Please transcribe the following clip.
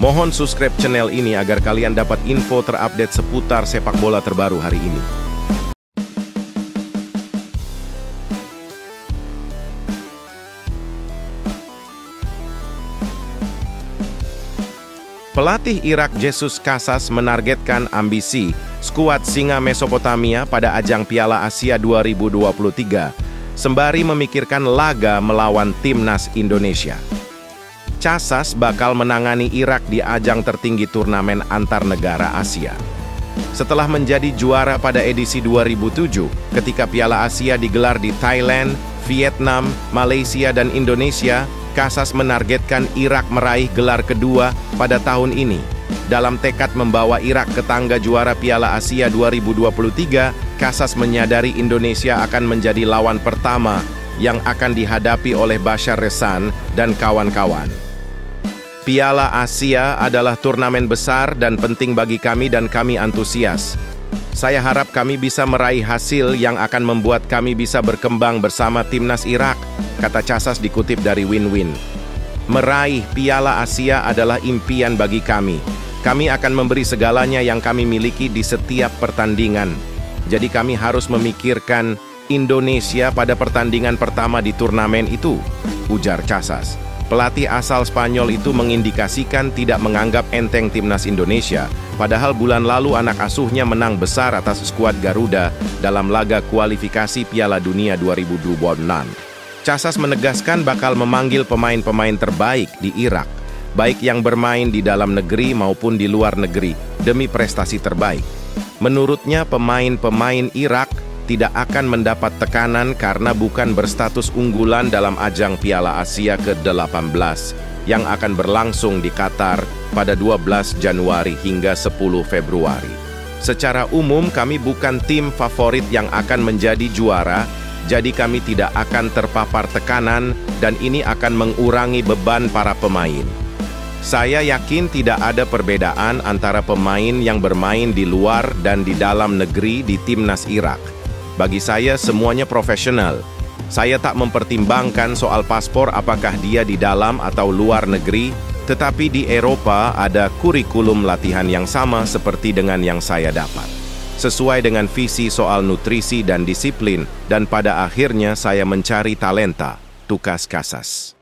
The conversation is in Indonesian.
Mohon subscribe channel ini agar kalian dapat info terupdate seputar sepak bola terbaru hari ini. Pelatih Irak Jesus Casas menargetkan ambisi skuad Singa Mesopotamia pada ajang Piala Asia 2023, sembari memikirkan laga melawan timnas Indonesia. Casas bakal menangani Irak di ajang tertinggi turnamen antar negara Asia. Setelah menjadi juara pada edisi 2007, ketika Piala Asia digelar di Thailand, Vietnam, Malaysia, dan Indonesia, Casas menargetkan Irak meraih gelar kedua pada tahun ini. Dalam tekad membawa Irak ke tangga juara Piala Asia 2023, Casas menyadari Indonesia akan menjadi lawan pertama yang akan dihadapi oleh Bashar Resan dan kawan-kawan. Piala Asia adalah turnamen besar dan penting bagi kami dan kami antusias. Saya harap kami bisa meraih hasil yang akan membuat kami bisa berkembang bersama timnas Irak, kata Casas dikutip dari Win-Win. Meraih Piala Asia adalah impian bagi kami. Kami akan memberi segalanya yang kami miliki di setiap pertandingan. Jadi kami harus memikirkan Indonesia pada pertandingan pertama di turnamen itu, ujar Casas. Pelatih asal Spanyol itu mengindikasikan tidak menganggap enteng timnas Indonesia, padahal bulan lalu anak asuhnya menang besar atas skuad Garuda dalam laga kualifikasi Piala Dunia 2026. Casas menegaskan bakal memanggil pemain-pemain terbaik di Irak, baik yang bermain di dalam negeri maupun di luar negeri, demi prestasi terbaik. Menurutnya pemain-pemain Irak tidak akan mendapat tekanan karena bukan berstatus unggulan dalam ajang Piala Asia ke-18 yang akan berlangsung di Qatar pada 12 Januari hingga 10 Februari. Secara umum kami bukan tim favorit yang akan menjadi juara, jadi kami tidak akan terpapar tekanan dan ini akan mengurangi beban para pemain. Saya yakin tidak ada perbedaan antara pemain yang bermain di luar dan di dalam negeri di timnas Irak. Bagi saya, semuanya profesional. Saya tak mempertimbangkan soal paspor apakah dia di dalam atau luar negeri, tetapi di Eropa ada kurikulum latihan yang sama seperti dengan yang saya dapat. Sesuai dengan visi soal nutrisi dan disiplin, dan pada akhirnya saya mencari talenta, tukas kasas.